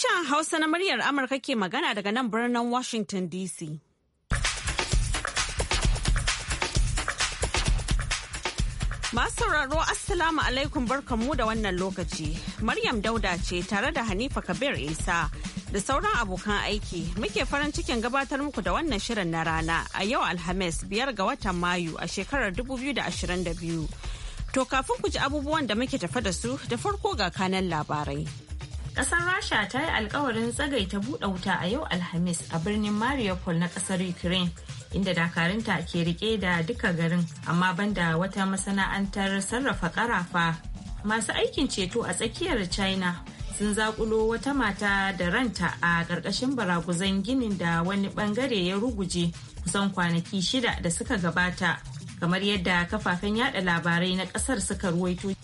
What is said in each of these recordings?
Sashen Hausa na muryar Amurka ke magana daga nan birnin Washington DC. Masu sauraro Assalamu alaikum barkanmu da wannan lokaci. Maryam Dauda ce tare da Hanifa Kabir Isa da sauran abokan aiki muke farin cikin gabatar muku da wannan shirin na rana a yau Alhamis biyar ga watan Mayu a shekarar 2022. To kafin ku ji abubuwan da muke tafa da su da farko ga kanan labarai. Ƙasar Rasha ta yi alkawarin tsagaita buɗe wuta a yau Alhamis a birnin Mariupol na ƙasar Ukraine, inda dakarunta ke rike da duka garin, amma banda wata masana'antar sarrafa ƙarafa. Masu aikin ceto a tsakiyar China sun zakulo wata mata da ranta a ƙarƙashin baraguzan ginin da wani bangare ya ruguje kusan kwanaki shida da suka gabata kamar yadda kafafen yada labarai na ƙasar suka ruwaito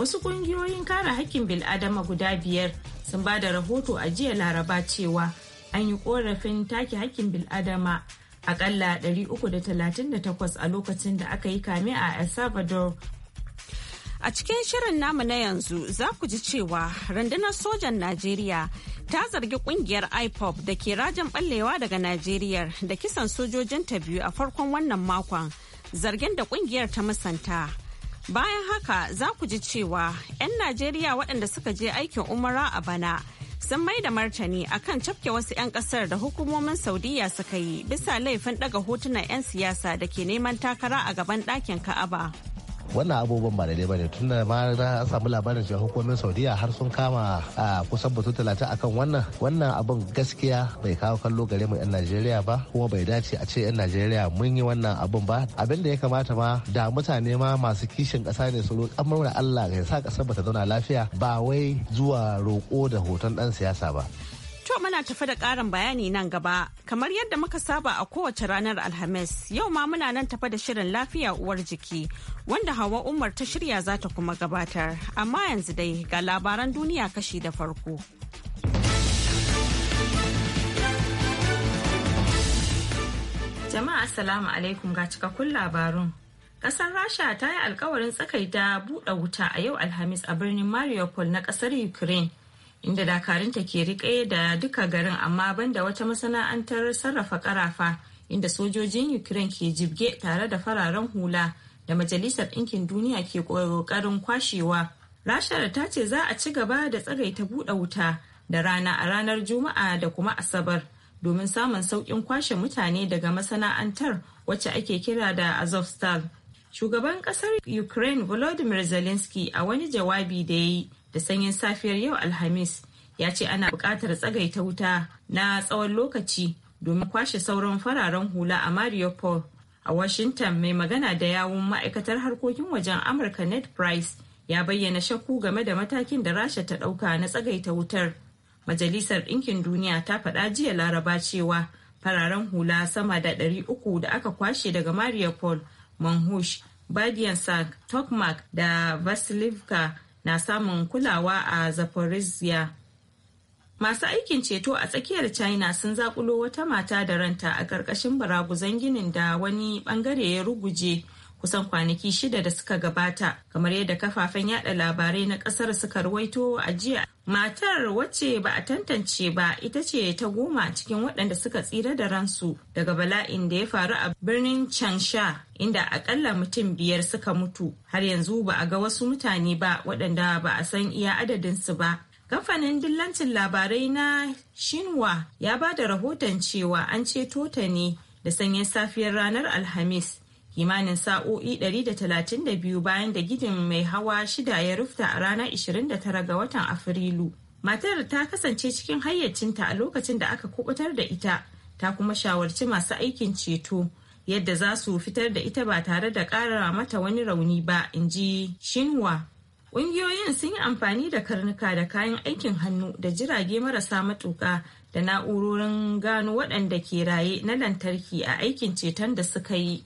wasu ƙungiyoyin kare haƙƙin bil'adama guda biyar sun ba da rahoto a jiya laraba cewa an yi korafin take haƙƙin bil'adama akalla 338 a lokacin da aka yi kame a el salvador a cikin shirin namu na yanzu za ku ji cewa rundunar sojan najeriya ta zargi kungiyar ipop da ke rajin ballewa daga najeriya da kisan sojojinta biyu a farkon wannan makon zargin da kungiyar ta musanta. Bayan haka za ku ji cewa 'yan Najeriya waɗanda suka je aikin umara a bana sun mai da martani akan cafke wasu 'yan ƙasar da hukumomin Saudiya suka yi bisa laifin ɗaga hotunan 'yan siyasa da ke neman takara a gaban ɗakin Ka'aba. wannan abubuwan ba daidai ba ne tun da ma an samu labarin cewa hukumomin saudiya har sun kama a kusan batu talatin akan wannan wannan abun gaskiya bai kawo kallo gare mu yan najeriya ba kuma bai dace a ce yan najeriya mun yi wannan abun ba abin da ya kamata ma da mutane ma masu kishin kasa ne su roƙan murna allah ya sa kasar ba ta zauna lafiya ba wai zuwa roƙo da hoton ɗan siyasa ba To muna tafi da ƙarin bayani nan gaba. Kamar yadda muka saba a kowace ranar Alhamis, yau ma muna nan tafi da shirin lafiya uwar jiki wanda Hawa Umar ta shirya za ta kuma gabatar. Amma yanzu dai ga labaran duniya kashi da farko. Jama'a Assalamu alaikum ga cikakkun labarun. Kasar Rasha ta yi alkawarin tsakaita buɗe wuta a yau Alhamis a birnin Mariupol na ƙasar Ukraine. inda dakarunta ke riƙe da duka garin amma banda wata masana'antar sarrafa karafa inda sojojin ukraine ke jibge tare da fararen hula da majalisar ɗinkin duniya ke ƙoƙarin kwashewa rasha ta ce za a ci gaba da tsagaita buɗe wuta da rana a ranar juma'a da kuma asabar domin samun sauƙin kwashe mutane daga masana'antar wacce ake kira da azovstal shugaban ƙasar ukraine volodymyr zelensky a wani jawabi da ya yi da sanyin safiyar yau Alhamis ya ce ana buƙatar tsagaita wuta na tsawon lokaci domin kwashe sauran fararen hula a Mariupol. A Washington mai magana da yawun ma'aikatar harkokin wajen Amurka Ned Price ya bayyana shakku game da matakin da Rasha ta ɗauka na tsagaita wutar. Majalisar Ɗinkin Duniya ta faɗa jiya Laraba cewa fararen hula sama da 300 da aka kwashe daga Mariupol, Manhush, Badiansak, Tokmak da Vasilivka na samun kulawa a zaporizhia masu aikin ceto a tsakiyar china sun zaƙulo wata mata da ranta a ƙarƙashin baraguzan ginin da wani ɓangare ya ruguje kusan kwanaki shida da suka gabata kamar yadda kafafen yada labarai na kasar suka ruwaito a jiya matar wacce ba a tantance ba ita ce ta goma cikin waɗanda suka tsira da ransu daga bala'in da ya faru a birnin changsha inda akalla mutum biyar suka mutu har yanzu ba a ga wasu mutane ba waɗanda ba a san iya adadinsu ba kamfanin dillancin labarai na shinwa ya ba da rahoton cewa an ceto ta ne da sanyin safiyar ranar alhamis kimanin sa'o'i 132 bayan da gidin mai hawa shida ya rufta a ranar 29 ga watan afrilu matar ta kasance cikin hayyacinta a lokacin da aka kubutar da ita ta kuma shawarci masu aikin ceto yadda za su fitar da ita ba tare da ƙara mata wani rauni ba in ji shinwa ƙungiyoyin sun yi amfani da karnuka da kayan aikin hannu da jirage marasa matuka da na'urorin gano waɗanda ke raye na lantarki a aikin ceton da suka yi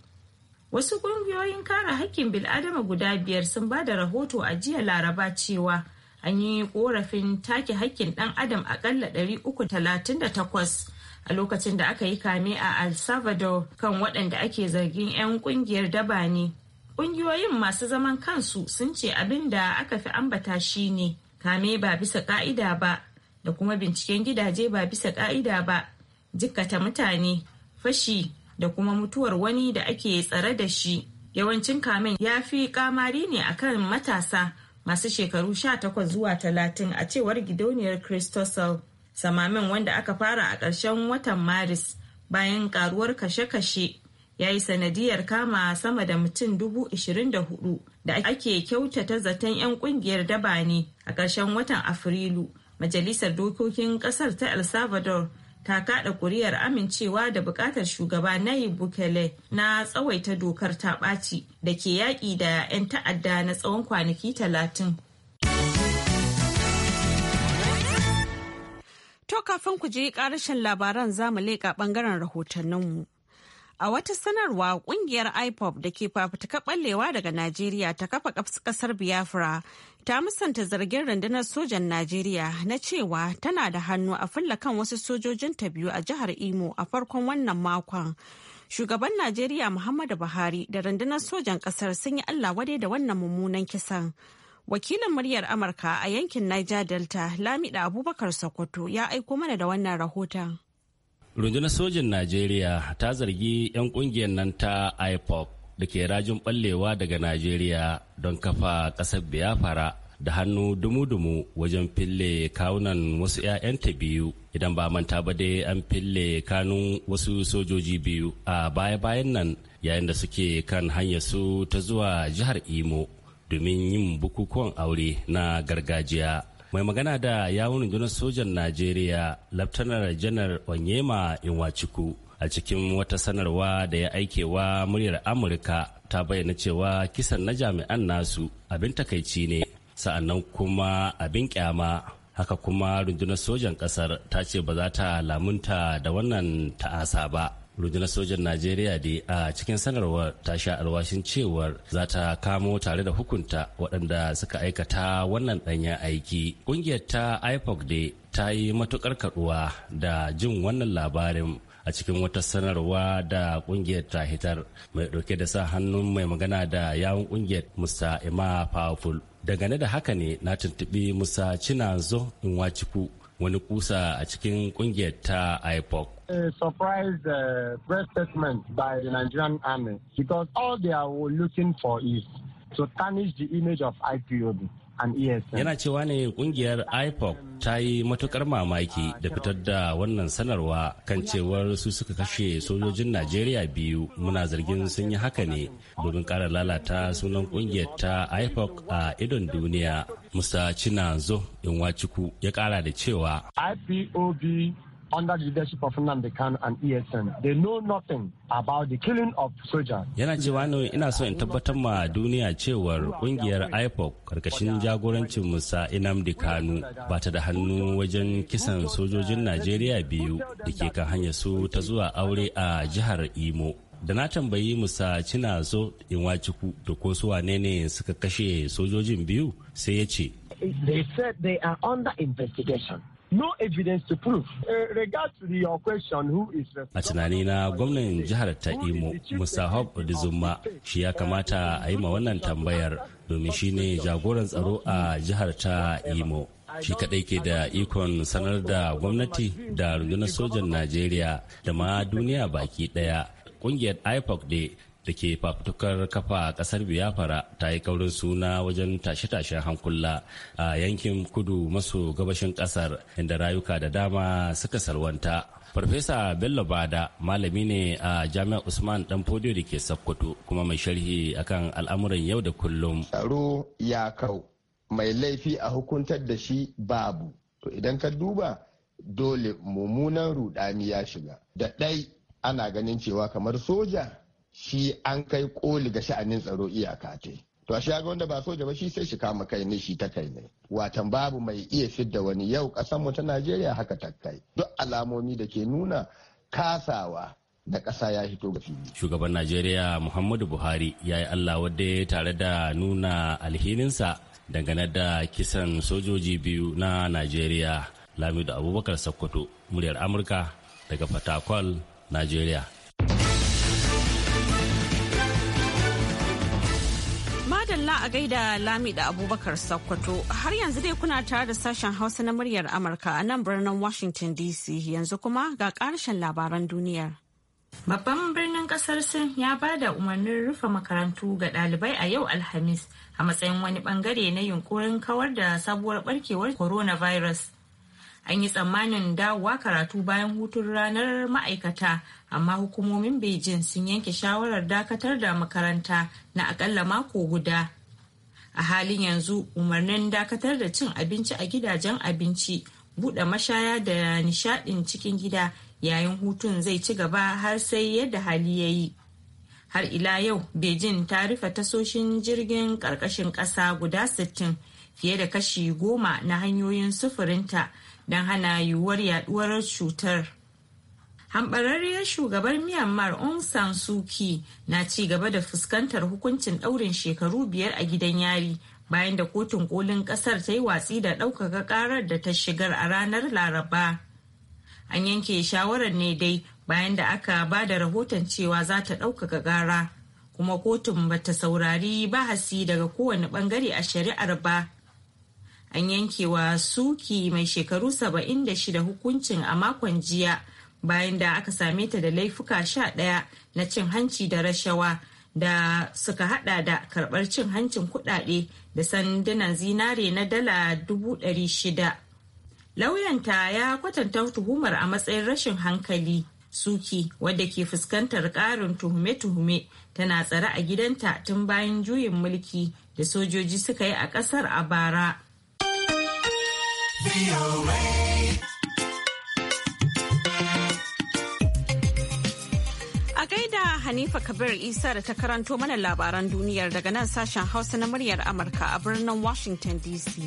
Wasu ƙungiyoyin kare haƙƙin bil'adama guda biyar sun ba da rahoto a jiya Laraba cewa an yi korafin take haƙƙin ɗan adam aƙalla 338 a lokacin da aka yi kame a El Salvador kan waɗanda ake zargin 'yan ƙungiyar daba ne. Ƙungiyoyin masu zaman kansu sun ce abin da aka fi ambata shi ne kame ba bisa ƙa'ida ba da kuma binciken gidaje ba bisa ƙa'ida ba, jikkata mutane, fashi da kuma mutuwar wani da ake tsare da shi yawancin kamen ya fi kamari ne a kan matasa masu shekaru sha 18 zuwa talatin a cewar gidauniyar christosel samamin wanda aka fara a ƙarshen watan maris bayan karuwar kashe-kashe ya yi sanadiyar kama sama da mutum dubu ishirin da hudu da ake kyautata zaton 'yan kungiyar daba ne a ƙarshen watan afrilu majalisar dokokin ƙasar ta el salvador ta kaɗa ƙuri'ar amincewa da buƙatar shugaba Nayib Bukele na tsawaita dokar ta ɓaci da ke yaƙi da 'yan ta'adda na tsawon kwanaki talatin. To kafin ku je ƙarashin labaran zamu leƙa ɓangaren rahotanninmu. A wata sanarwa kungiyar IPOP da ke fafutuka ɓallewa daga Najeriya ta kafa ƙasar Biafra ta musanta zargin rundunar sojan Najeriya na cewa tana da hannu a fulla kan wasu sojojin ta biyu a jihar Imo a farkon wannan makon. Shugaban Najeriya Muhammadu Buhari da rundunar sojan ƙasar sun yi Allah wadai da wannan mummunan kisan. Wakilin muryar Amurka a yankin Niger Delta Lamida Abubakar Sokoto ya aiko mana da wannan rahoton. rundunar sojin najeriya ta zargi 'yan kungiyar nan ta ipop da ke rajin ɓallewa daga najeriya don kafa ƙasar biafra da hannu dumu-dumu wajen fille kawunan wasu 'ya'yanta biyu idan ba manta ba dai an fille kanun wasu sojoji biyu a baya-bayan nan yayin da suke kan hanyar su ta zuwa jihar imo domin yin bukukuwan aure na gargajiya mai magana da yawun rundunar sojan najeriya laftanar janar onyema inwachiku a cikin wata sanarwa da ya aikewa muryar amurka ta bayyana cewa kisan na jami'an nasu abin takaici ne sa'annan kuma abin kyama haka kuma rundunar sojan kasar ta ce ba za ta lamunta da wannan ta'asa ba rundunar sojan najeriya da a cikin sanarwar ta sha alwashin cewar za ta kamo tare da hukunta waɗanda suka aikata wannan ɗanyen aiki ƙungiyar ta ipoc da ta yi matuƙar kaɗuwa da jin wannan labarin a cikin wata sanarwa da ƙungiyar ta hitar mai ɗauke da sa hannun mai magana da yawun ƙungiyar musa ima powerful dangane da haka ne na tuntuɓi musa cinazo inwaciku wani kusa a cikin kungiyar ta IPOC. A surprise uh, press statement by the Nigerian army because all they are looking for is to tarnish the image of IPOB. Yana cewa ne kungiyar IPOC ta yi matukar mamaki da fitar da wannan sanarwa kan cewar su suka kashe sojojin Najeriya biyu muna zargin sun yi haka ne domin kara lalata sunan kungiyar ta IPOC a idon duniya. Musa Cinazo Inwachuku ya kara da cewa. IPOB under the leadership of Nnamdi Kanu and ESN. They know nothing about the killing of soldiers. Yana cewa ne ina so in tabbatar ma duniya cewar kungiyar IPOC karkashin jagorancin Musa Nnamdi Kanu ba ta da hannu wajen kisan sojojin Najeriya biyu da ke kan hanyar su ta zuwa aure a jihar Imo. da na tambayi musa cina waci ku da ko su wane ne suka kashe sojojin biyu sai ya ce they said they are under investigation no evidence to prove. Uh, regards to your question who is A tunani na gwamnan jihar ta Imo Musa Hob Odizuma shi ya kamata a yi ma wannan tambayar domin shi ne jagoran tsaro a jihar ta Imo. Shi kaɗai ke da ikon sanar da gwamnati da rundunar sojan Najeriya da ma duniya baki ɗaya. Ƙungiyar IPOC dai da ke fafutukar kafa kasar biyafara ta yi kaurin suna wajen tashe-tashen hankula a yankin kudu maso gabashin kasar inda rayuka da dama suka salwanta farfesa bello bada malami ne a jami'ar usman dan fodiyo da ke sokoto kuma mai sharhi akan al'amuran yau da kullum tsaro ya kau mai laifi a hukuntar da shi babu to idan ka duba dole mummunan rudani ya shiga da ɗai ana ganin cewa kamar soja shi an kai koli ga sha'anin tsaro iyaka te to a shaga wanda ba soja ba shi sai shi kama kai ne shi ta kai ne watan babu mai iya fidda wani yau kasan mu ta Najeriya haka ta kai duk alamomi da ke nuna kasawa da kasa ya hito ga fili. Shugaban Najeriya Muhammadu Buhari ya yi Allah wadda tare da nuna alhininsa dangane da kisan sojoji biyu na Najeriya Lamidu Abubakar Sokoto, muryar Amurka daga Fatakwal, Najeriya. a gaida Lami da Abubakar Sokoto. Har yanzu dai kuna tare da sashen Hausa na muryar Amurka a nan birnin Washington DC yanzu kuma ga karshen labaran duniyar. Babban birnin kasar Sin ya ba da umarnin rufe makarantu ga ɗalibai a yau Alhamis a matsayin wani bangare na yunkurin kawar da sabuwar barkewar coronavirus. An yi tsammanin dawowa karatu bayan hutun ranar ma'aikata, amma hukumomin Beijing sun yanke shawarar dakatar da makaranta na akalla mako guda a halin yanzu umarnin dakatar da cin abinci a gidajen abinci buɗe mashaya da nishaɗin cikin gida yayin hutun zai ci gaba har sai yadda hali ya yi har ila yau beijing ta rufe tasoshin jirgin ƙarƙashin ƙasa guda 60 fiye da kashi goma na hanyoyin sufurinta don hana yiwuwar yaduwar cutar. hambararriyar shugaban myanmar aung san suu kyi na ci gaba da fuskantar hukuncin ɗaurin shekaru biyar a gidan yari bayan da kotun kolin ƙasar ta yi watsi da ɗaukaka ƙarar da ta shigar a ranar laraba an yanke shawarar ne dai bayan da aka ba da rahoton cewa za ta ɗaukaka ƙara kuma kotun ba ta saurari bahasi daga kowane bangare a shari'ar ba an yanke wa suki mai shekaru 76 hukuncin a makon jiya bayan da aka same ta da laifuka sha ɗaya na cin hanci da rashawa da suka hada da karbar cin hancin kudade da sandunan zinare na dala dubu shida. lauyanta ya kwatanta tuhumar a matsayin rashin hankali suki wadda ke fuskantar karin tuhume-tuhume tana tsare a gidanta tun bayan juyin mulki da sojoji suka yi a kasar a bara. Hanifa Kabir Isa da ta karanto mana labaran duniyar daga nan sashen Hausa na muryar Amurka a birnin Washington DC.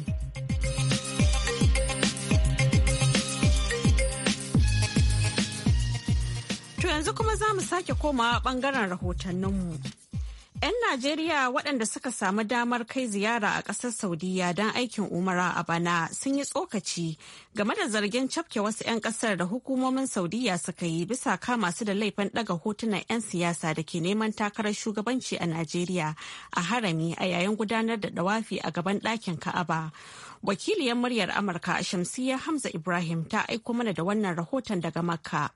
To yanzu kuma za mu sake komawa bangaren rahotanninmu. 'Yan Najeriya waɗanda suka samu damar kai ziyara a ƙasar Saudiya don aikin umara a bana sun yi tsokaci game da zargin cafke wasu 'yan ƙasar da hukumomin Saudiya suka yi bisa kama su da laifin ɗaga hotunan 'yan siyasa da ke neman takarar shugabanci a Najeriya a harami a yayin gudanar da ɗawafi a gaban ɗakin Ka'aba. Wakiliyar muryar Amurka Shamsiyya Hamza Ibrahim ta aiko mana da wannan rahoton daga Makka.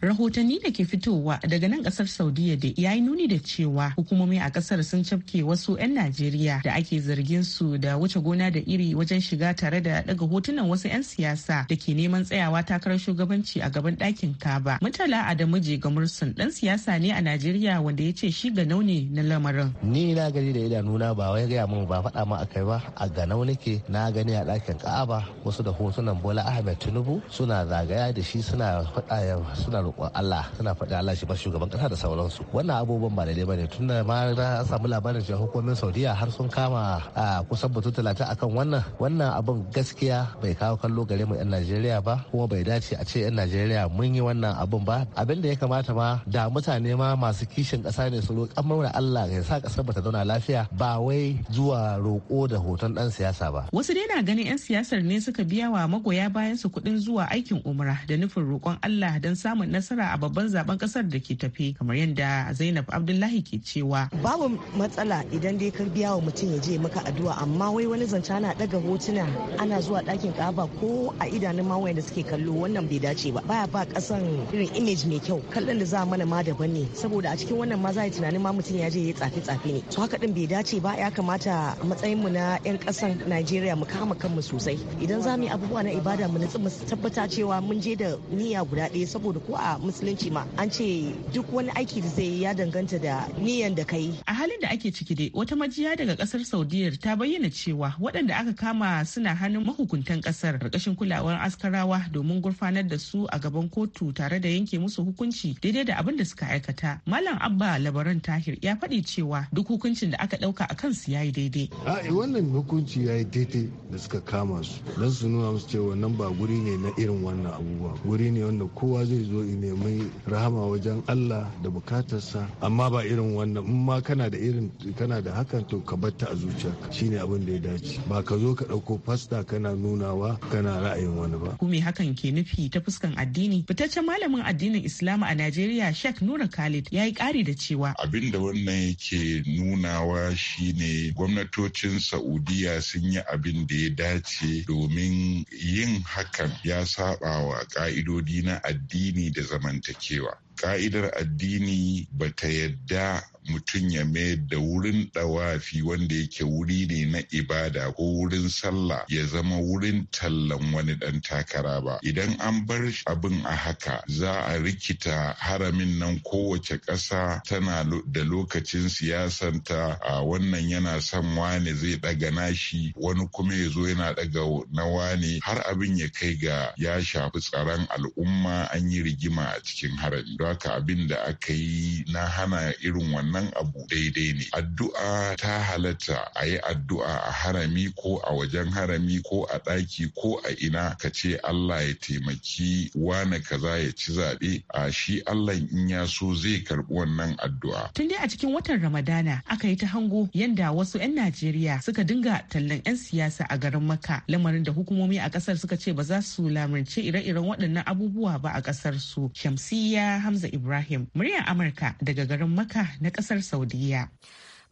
rahotanni da ke fitowa daga nan kasar saudiya da ya yi nuni da cewa hukumomi a kasar sun cafke wasu 'yan najeriya da ake zargin su da wuce gona da iri wajen shiga tare da daga hotunan wasu 'yan siyasa da ke neman tsayawa takarar shugabanci a gaban ɗakin kaba mutala adamu jegamursun dan siyasa ne a najeriya wanda ya ce shi ga naune na lamarin ni na gani da idanuna ba wai gaya mun ba faɗa ma akai ba a ganau nake na gani a ɗakin ka'aba wasu da hotunan bola ahmed tinubu suna zagaya da shi suna faɗa suna roƙon Allah tana faɗi Allah shi ba shugaban ƙasa da sauransu wannan abubuwan ba daidai bane tunda ma an samu labarin cewa hukumomin Saudiya har sun kama a kusan batu talatin akan wannan wannan abin gaskiya bai kawo kallo gare mu 'yan Najeriya ba kuma bai dace a ce 'yan Najeriya mun yi wannan abun ba abin da ya kamata ma da mutane ma masu kishin ƙasa ne su roƙan mana Allah ya sa ƙasar bata zauna lafiya ba wai zuwa roƙo da hoton ɗan siyasa ba. Wasu dai na ganin 'yan siyasar ne suka biya wa magoya bayan su kuɗin zuwa aikin umra da nufin roƙon Allah don samun nasara a babban zaben kasar da ke tafi kamar yadda Zainab Abdullahi ke cewa. Babu matsala idan dai ka biya wa mutum ya je maka addu'a amma wai wani zance ana daga hotuna ana zuwa dakin kaba ko a idanun ma wayanda suke kallo wannan bai dace ba baya ba kasan irin image mai kyau kallon da za mana ma daban ne saboda a cikin wannan ma za yi tunanin ma mutum ya je ya tsafi tsafe ne to haka din bai dace ba ya kamata matsayin mu na yan kasan Najeriya mu kama kanmu sosai idan za mu yi abubuwa na ibada mu nutsu mu tabbata cewa mun je da niyya guda ɗaya saboda ko a a musulunci ma an ce duk wani aiki da zai ya danganta da niyan da kai a halin da ake ciki dai wata majiya daga kasar saudiyar ta bayyana cewa waɗanda aka kama suna hannun mahukuntan kasar ƙarƙashin kulawar askarawa domin gurfanar da su a gaban kotu tare da yanke musu hukunci daidai da abin da suka aikata malam abba labaran tahir ya faɗi cewa duk hukuncin da aka ɗauka a kansu ya yi daidai a eh, wannan hukunci ya yi daidai da suka kama su don su nuna musu cewa nan ba guri ne na irin wannan abubuwa guri ne wanda kowa zai zo nemi rahama wajen Allah da bukatarsa amma ba irin wannan in ma kana da irin kana da hakan to ka batta a zuciyarka shine abin da ya dace ba ka zo ka ɗauko fasta kana nunawa kana ra'ayin wani ba. kuma hakan ke nufi ta fuskan addini? Fitaccen malamin addinin Islam a Najeriya Sheikh Nura Khalid ya yi ƙari da cewa. Abin da wannan yake nunawa shine gwamnatocin Saudiya sun yi abin da ya dace domin yin hakan ya saba wa ka'idodi na addini da zamantakewa ka'idar addini ba ta yadda mutum ya mayar da wurin ɗawafi wanda yake wuri ne na ibada ko wurin sallah ya zama wurin tallan wani ɗan takara ba idan an bar abin a haka za a rikita haramin nan kowace ƙasa tana da lokacin siyasanta a wannan yana son wane zai ɗaga nashi wani kuma ya zo yana ɗaga na wane har abin ya kai ga ya shafi tsaron al'umma an yi rigima a cikin harami baka abin da aka yi na hana irin wannan abu daidai ne addu'a ta halatta a yi addu'a a harami ko a wajen harami ko a ɗaki ko a ina ka ce Allah ya taimaki wane kaza ya ci zaɓe a shi Allah in ya so zai karɓi wannan addu'a. Tun dai a cikin watan Ramadana aka yi ta hango yanda wasu 'yan Najeriya suka dinga tallan 'yan siyasa a garin Makka lamarin da hukumomi a ƙasar suka ce ba za su lamarce ire-iren waɗannan abubuwa ba a ƙasar su. Shamsiyya Hamza Hamza Ibrahim, muryar Amurka daga garin maka na kasar Saudiyya.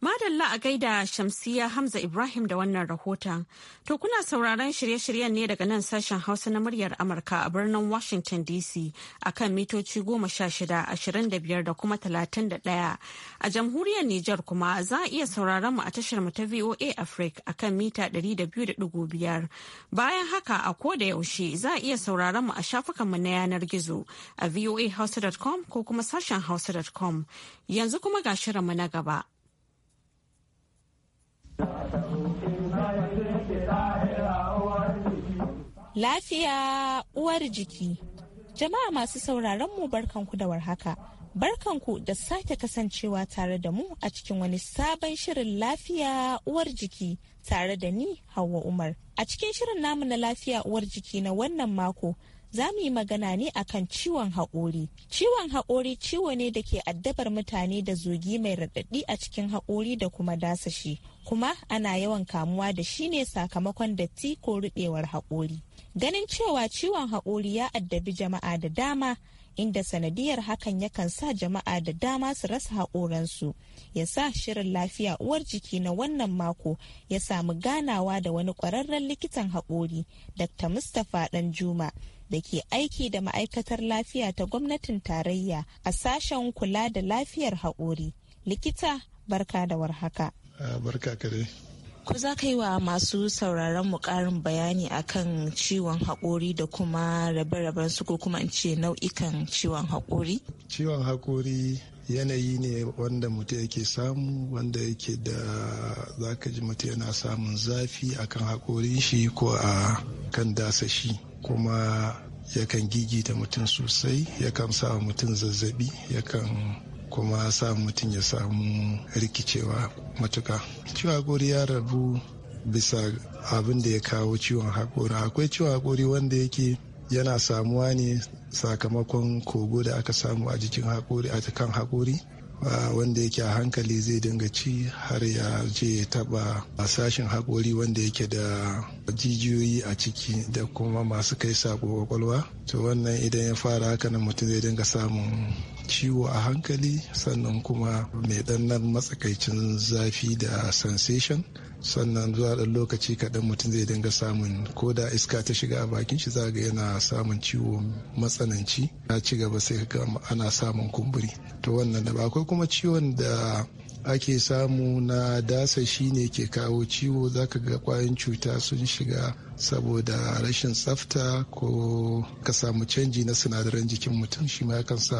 Madalla a gaida Shamsiya Hamza Ibrahim da wannan rahoton. To kuna sauraron shirye-shiryen ne daga nan sashen Hausa na muryar Amurka a birnin Washington DC a kan mitoci goma sha shida, ashirin da biyar da kuma talatin da ɗaya. A jamhuriyar Nijar kuma za a iya sauraron mu a tashar mu ta VOA Africa a kan mita ɗari da biyu da ɗigo biyar. Bayan haka a ko da yaushe za a iya sauraron mu a shafukan mu na yanar gizo a voahausa.com ko kuma sashen hausa.com. Yanzu kuma ga shirin mu na gaba. Lafiya uwar jiki. Jama'a masu sauraron mu barkanku da warhaka. Barkanku da sake kasancewa tare da mu a cikin wani sabon shirin lafiya uwar jiki tare da ni Hauwa Umar. A cikin shirin namu na lafiya uwar jiki na wannan mako za mu yi magana ne akan ciwon haƙori. Ciwon haƙori ciwo ne da ke addabar mutane da zogi mai raɗaɗi a cikin haƙori da kuma dasashi kuma ana yawan kamuwa da shi ne sakamakon datti ko rubewar haƙori. Ganin cewa ciwon haƙori ya addabi jama'a da dama inda sanadiyar hakan yakan sa jama'a da dama su rasa haƙoransu ya sa shirin lafiya uwar jiki na wannan mako ya samu ganawa da wani ƙwararren likitan haƙori dr mustapha danjuma da ke aiki da ma'aikatar lafiya ta gwamnatin tarayya a sashen kula da lafiyar haƙori likita barka da warhaka barka ka dai ko za ka yi wa masu sauraron mu karin bayani akan ciwon haƙori da kuma rabe-raben su ko kuma in ce nau'ikan ciwon haƙori ciwon haƙori yanayi ne wanda mutum yake samu wanda yake da za ka ji mutum yana samun zafi akan haƙorin shi ko a kan dasa shi kuma yakan gigita mutum sosai yakan sa mutum zazzabi yakan kuma sa mutum ya samu rikicewa matuka ciwon hakori ya rabu bisa abin da ya kawo ciwon hakori akwai ciwon hakori wanda yake yana samuwa ne sakamakon kogo da aka samu a jikin hakori a kan hakori wanda yake a hankali zai dinga ci har ya je taba sashen haƙori wanda yake da jijiyoyi a ciki da kuma masu kai sako kwakwalwa to wannan idan ya fara haka nan mutum zai dinga samun ciwo a hankali sannan kuma mai ɗannan matsakaicin zafi da sensation sannan zuwa ɗan lokaci kaɗan mutum zai dinga samun ko da iska ta shiga a bakin shi za ga yana samun ciwo matsananci na ci gaba sai ga ana samun kumburi to wannan da akwai kuma ciwon da ake samu na dasa shine ke kawo ciwo zaka ga kwayan cuta sun shiga saboda rashin tsafta ko ka samu canji na sinadaran jikin mutum shi ma yakan sa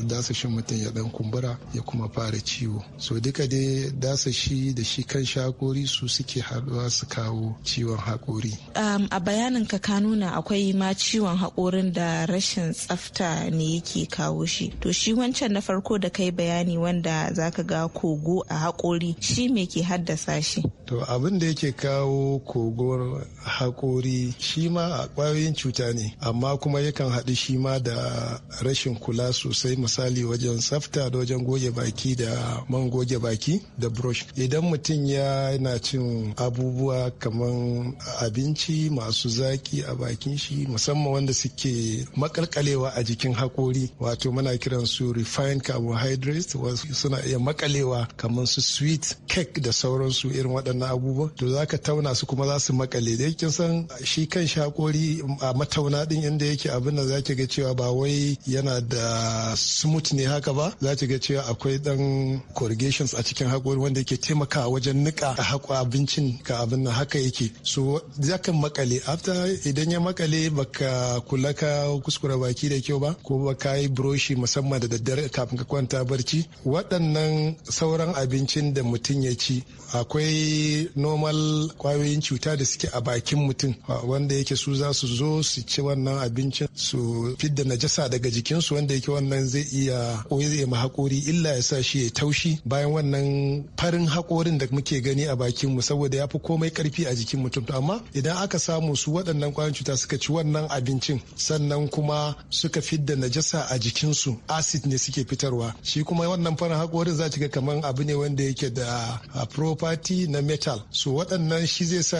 dasashin mutum ya dan kumbura ya kuma fara ciwo so duka dai dasashi da shi kan shakori su suke haɗuwa su kawo ciwon haƙori um, a bayanin ka ka nuna akwai ma ciwon haƙorin da rashin tsafta ne yake kawo shi to shi wancan na farko da kai bayani wanda zaka ga kogo a haƙori shi me ke haddasa shi to abin da yake kawo kogon hakori shi ma a ƙwayoyin cuta ne amma kuma yakan haɗu shi ma da rashin kula sosai misali wajen tsafta da wajen goge baki da man goge baki da brush idan mutum ya na cin abubuwa kamar abinci masu zaki a bakin shi musamman wanda suke makalkalewa a jikin hakori wato muna kiran su refined carbohydrates wasu suna iya makalewa kamar su sweet cake da sauransu irin waɗannan abubuwa to zaka tauna su kuma za su makale da yakin san shi kan shakori mm, a matauna din inda yake abin da za ki ga cewa ba wai yana da smooth ne haka ba za ki ga cewa akwai dan corrugations a cikin hakori wanda yake taimakawa wajen nika a haƙo abincin ka abin nan haka yake so zakan makale after idan ya makale baka kula ka kuskura baki da kyau ba ko ba ka yi broshi musamman da daddare kafin ka kwanta barci waɗannan sauran abincin da mutum ya ci akwai normal kwayoyin cuta da suke a bakin mutum wanda yake su za su zo su ci wannan abincin su fidda najasa daga jikinsu wanda yake wannan zai iya ko zai hakori illa ya sa shi ya taushi bayan wannan farin hakorin da muke gani a bakin mu saboda ya fi komai karfi a jikin mutum amma idan aka samu su waɗannan ƙwayoyin cuta suka ci wannan abincin sannan kuma suka fidda najasa a jikinsu acid ne suke fitarwa shi kuma wannan farin hakorin za ci ga kamar abu ne wanda yake da ah, property na metal so waɗannan shi zai sa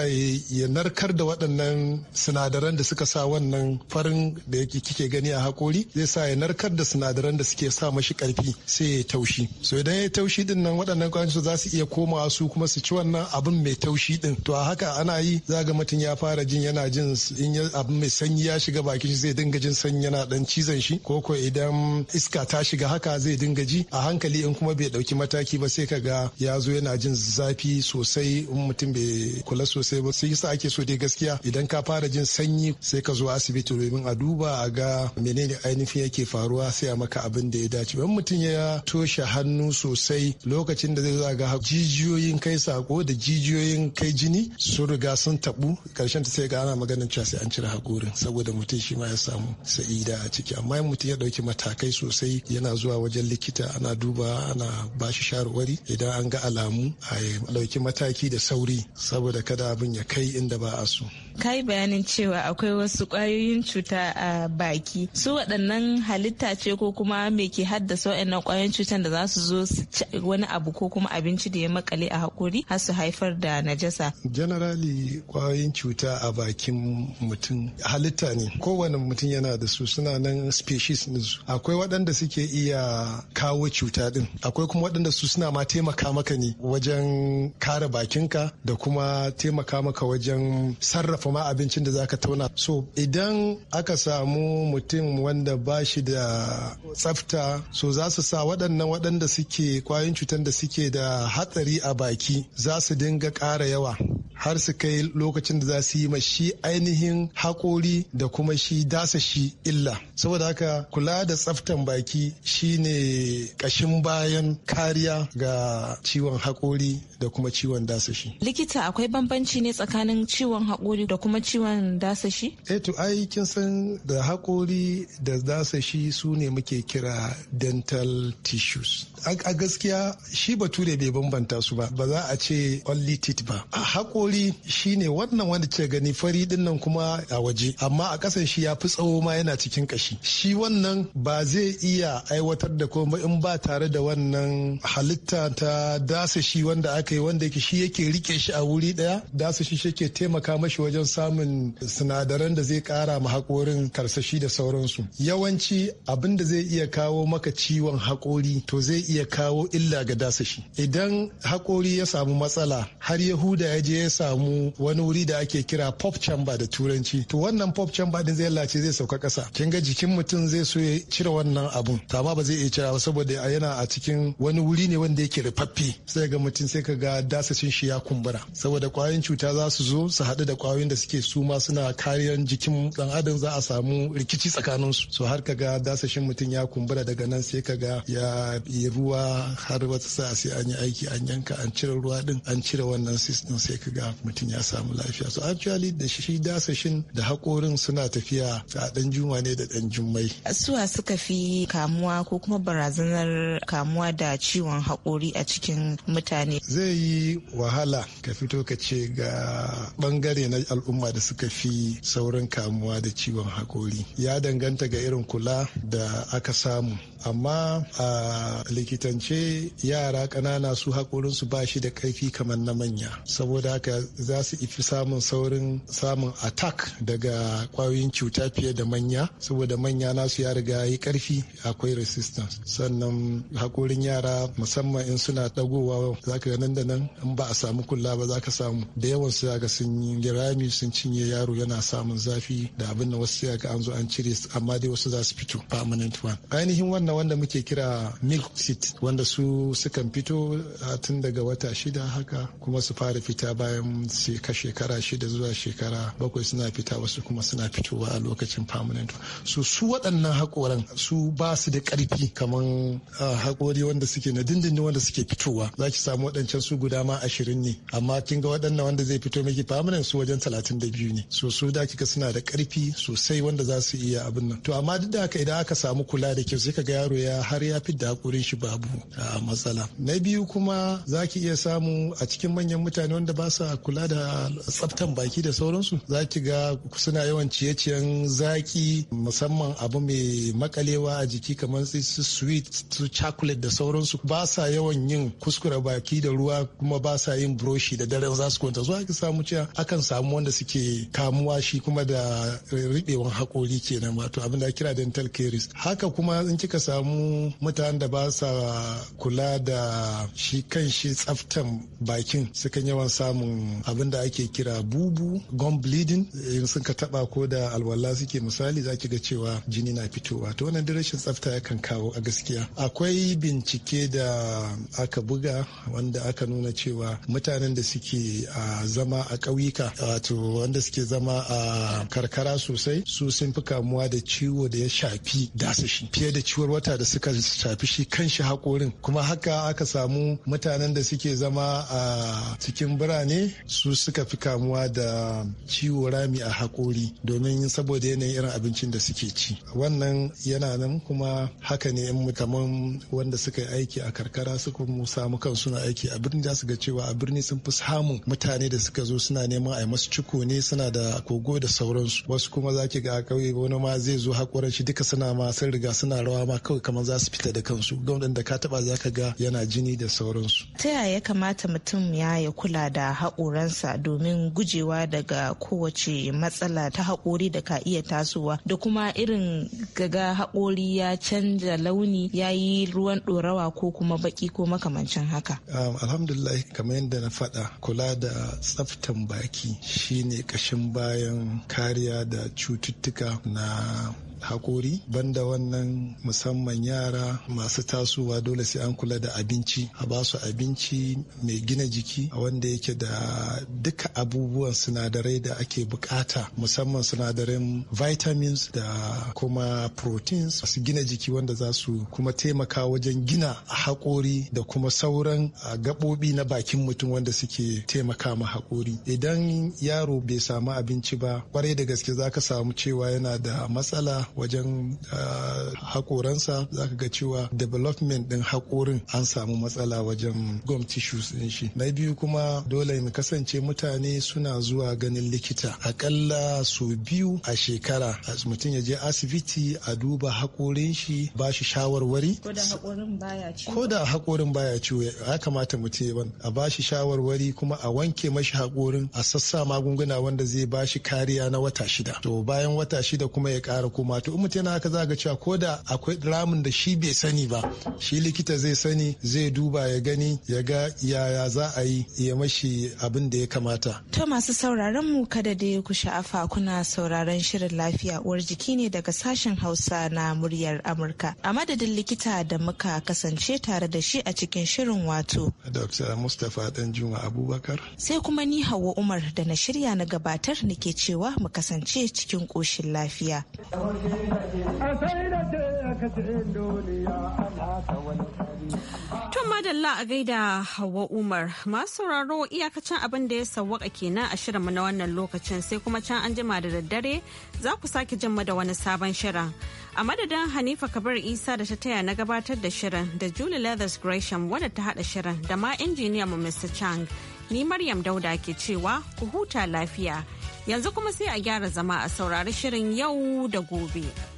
ya narkar da waɗannan sinadaran da suka sa wannan farin da yake kike gani a hakori zai sa ya narkar da sinadaran da suke sa mashi ƙarfi sai ya taushi so idan ya taushi din nan waɗannan kwayoyin su za su iya komawa su kuma su ci wannan abin mai taushi din to a haka ana yi za ga mutum ya fara jin yana jin in abin mai sanyi ya shiga bakin shi zai dinga jin sanyi yana dan cizon shi ko ko idan iska ta shiga haka zai dinga ji a hankali in kuma bai dauki mataki ba sai ka ga ya zo yana jin zafi sosai in mutum bai kula sosai ba sai yasa ake so dai Eh, gaskiya idan ka fara jin sanyi sai ka zo asibiti domin a duba a ga menene ainihin yake faruwa sai a maka abin da ya dace wani mutum ya toshe hannu sosai lokacin da zai zo ga jijiyoyin kai sako da jijiyoyin kai jini sun riga sun tabu karshen ta sai ga ana maganin cewa sai an cire hakorin saboda mutum shi ma ya samu sa'ida a ciki amma mutum ya dauki matakai sosai yana zuwa wajen likita ana duba ana ba shi shawarwari idan an ga alamu a dauki mataki da sauri saboda kada abin ya kai inda ba a su. ka yi bayanin cewa akwai wasu kwayoyin cuta a baki su waɗannan halitta ce ko kuma me ke haddasa waɗannan kwayoyin cutan da za su zo su ci wani abu ko kuma abinci da ya makale a hakuri har su haifar da najasa generally kwayoyin cuta a bakin mutum halitta ne kowane mutum yana da su suna nan species ne su akwai waɗanda suke iya kawo cuta din akwai kuma waɗanda su suna ma taimaka maka ne wajen kare bakinka da kuma taimaka maka wajen sarrafa ma abincin da zaka tauna so idan aka samu mutum wanda ba shi da tsafta so za su sa waɗannan waɗanda suke kwayoyin cutar da suke da hatsari a baki za su dinga ƙara yawa har su kai lokacin da za su yi shi ainihin haƙori da kuma shi dasa shi illa saboda haka kula da tsaftan baki shine ƙashin bayan kariya ga ciwon haƙori da kuma ciwon dasa shi likita akwai bambanci ne tsakanin ciwon da kuma ciwon dasashi? Eh to ai kin san da hakori da dasashi su ne muke kira dental tissues. A gaskiya shi bature bai bambanta su ba, ba za a ce only teeth ba. A haƙori shi ne wannan wanda ce gani fari din kuma a waje, amma a ƙasan shi ya fi tsawo ma yana cikin kashi Shi wannan ba zai iya aiwatar da komai in ba tare da wannan halitta ta dasashi wanda aka yi wanda shi yake rike shi a wuri ɗaya, dasashi shi yake taimaka mashi wajen samun sinadaran da zai kara ma haƙorin karsashi da sauransu yawanci abin da zai iya kawo maka ciwon hakori to zai iya kawo illa ga dasashi idan hakori ya samu matsala har yahuda ya je ya samu wani wuri da ake kira pop chamber da turanci to wannan pop chamber din zai lace zai sauka kasa kin ga jikin mutum zai so ya cire wannan abun to amma ba zai iya cire ba saboda yana a cikin wani wuri ne wanda yake rufaffe sai ga mutum sai ka ga dasashin shi ya kumbura saboda kwayoyin cuta za su zo su haɗu da kwayoyin da suke suma suna kariyar jikin dan adam za a samu rikici tsakanin su so har kaga dasashin mutum ya kumbura daga nan sai kaga ya yi ruwa har wata sa sai an yi aiki an yanka an cire ruwa din an cire wannan cyst din sai kaga mutum ya samu lafiya so actually da shi dasashin da hakorin suna tafiya a dan juma ne da dan jummai suwa suka fi kamuwa ko kuma barazanar kamuwa da ciwon hakori a cikin mutane zai yi wahala ka fito ka ce ga bangare kare na al'umma da suka fi saurin kamuwa da ciwon hakori ya danganta ga irin kula da aka samu amma a likitance yara ƙanana su su ba shi da ƙarfi kamar na manya saboda haka za su ifi samun saurin samun attack daga kwayoyin cuta fiye da manya saboda manya nasu ya riga yi ƙarfi akwai resistance sannan haƙorin yara musamman in suna ɗagowa za ka nan da nan in ba a samu kula ba za ka samu da yawan su ga sun yi da rami sun cinye yaro yana samun zafi da abin da wasu ga an zo an cire amma dai wasu za su fito permanent one ainihin wannan wanda muke kira milk seed wanda su sukan fito tun daga wata shida haka kuma su fara fita bayan ka shekara shida zuwa shekara bakwai suna fita wasu kuma suna fitowa a lokacin permanent su su waɗannan haƙoran su ba su da ƙarfi kamar haƙori wanda suke na dindindin wanda suke fitowa za ki samu waɗancan su guda ma ashirin ne amma kin ga waɗannan wanda zai fito miki permanent su wajen 32 ne so su da kika suna da karfi sosai wanda za su iya abin nan to amma duk da haka idan aka samu kula da kyau sai ka ga yaro ya har ya fi da hakurin shi babu a matsala na biyu kuma za ki iya samu a cikin manyan mutane wanda ba sa kula da tsaftan baki da sauransu za ki ga suna yawan ciye-ciyen zaki musamman abu mai makalewa a jiki kamar su sweet su chocolate da sauransu ba sa yawan yin kuskure baki da ruwa kuma ba sa yin broshi da daren za su kwanta zuwa ki samu cewa akan samu wanda suke kamuwa shi kuma da riɓewan haƙori kenan wato abin da kira dental caries haka kuma in kika samu mutanen da ba sa kula da shi kan shi tsaftan bakin sukan yawan samun abin da ake kira bubu gum bleeding in sun ka taba ko da alwala suke misali za ki ga cewa jini na fitowa to wannan rashin tsafta yakan kawo a gaskiya akwai bincike da aka buga wanda aka nuna cewa mutanen da suke a ah, zama a ƙauyuka cututtuka wato wanda suke zama a karkara sosai su sun fi kamuwa da ciwo da ya shafi dasashi fiye da ciwon wata da suka shafi shi kanshi haƙorin kuma haka aka samu mutanen da suke zama a cikin birane su suka fi kamuwa da ciwo rami a hakori domin saboda yanayin irin abincin da suke ci wannan yana nan kuma haka ne in kaman wanda suka yi aiki a karkara suka samu kansu na aiki a birni za su ga cewa a birni sun fi samun mutane da suka zo suna neman a yi masu ciko ne suna da kogo da sauransu wasu kuma za ki ga a kauye wani ma zai zo hakoran shi duka suna ma sun riga suna rawa ma kawai kamar za su fita da kansu gwamnan da ka taba za ka ga yana jini da sauransu. ta yaya ya kamata mutum ya ya kula da haƙoransa domin gujewa daga kowace matsala ta haƙori da ka iya tasowa da kuma irin gaga haƙori ya canza launi ya yi ruwan ɗorawa ko kuma baki ko makamancin haka. alhamdulillah kamar yadda na faɗa kula da tsaftan baki shine kashin bayan kariya da cututtuka na hakori banda wannan musamman yara masu tasowa dole sai an kula da abinci a ba su abinci mai gina jiki wanda yake da duka abubuwan sinadarai da ake bukata musamman sinadaran vitamins da kuma proteins su gina jiki wanda za su kuma taimaka wajen gina hakori da kuma sauran ah, gaɓoɓi na bakin mutum wanda suke taimaka ma hakori idan yaro bai samu abinci ba kwarai da gaske za ka samu cewa yana da matsala wajen ah, hakoransa za ka ga cewa development ɗin hakorin an samu matsala wajen gum tissues ɗin shi na biyu kuma dole mu kasance mutane suna zuwa ganin likita aƙalla sau biyu a shekara mutum ya je asibiti a duba hakorin shi ba shi shawarwari ko da haƙorin baya ciwo ya kamata mu ban a ba shi shawarwari kuma a wanke mashi haƙorin a sassa magunguna wanda zai ba shi kariya na wata shida to bayan wata shida kuma ya ƙara kuma wato in mutum yana haka za cewa ko da akwai ramin da shi bai sani ba shi likita zai sani zai duba ya gani ya ga yaya za a yi ya mashi abin da ya kamata. To masu sauraron mu kada da ku afa kuna sauraron shirin lafiya uwar jiki ne daga sashen Hausa na muryar Amurka. A madadin likita da muka kasance tare da shi a cikin shirin wato. Dr. Mustapha juma Abubakar. Sai kuma ni Hauwa Umar da na shirya na gabatar nake cewa mu kasance cikin ƙoshin lafiya. Tun madalla a gaida Hauwa Umar masu sauraro iyakacin abin da ya sawwaka kenan a shirinmu na wannan lokacin sai kuma can an jima da daddare za ku sake jin da wani sabon shirin. A madadin Hanifa Kabir Isa da ta taya na gabatar da shirin da Julie Leathers Gresham wadda ta haɗa shirin da ma injiniya mu Mr. Chang. Ni Maryam Dauda ke cewa ku huta lafiya. Yanzu kuma sai a gyara zama a saurari shirin yau da gobe.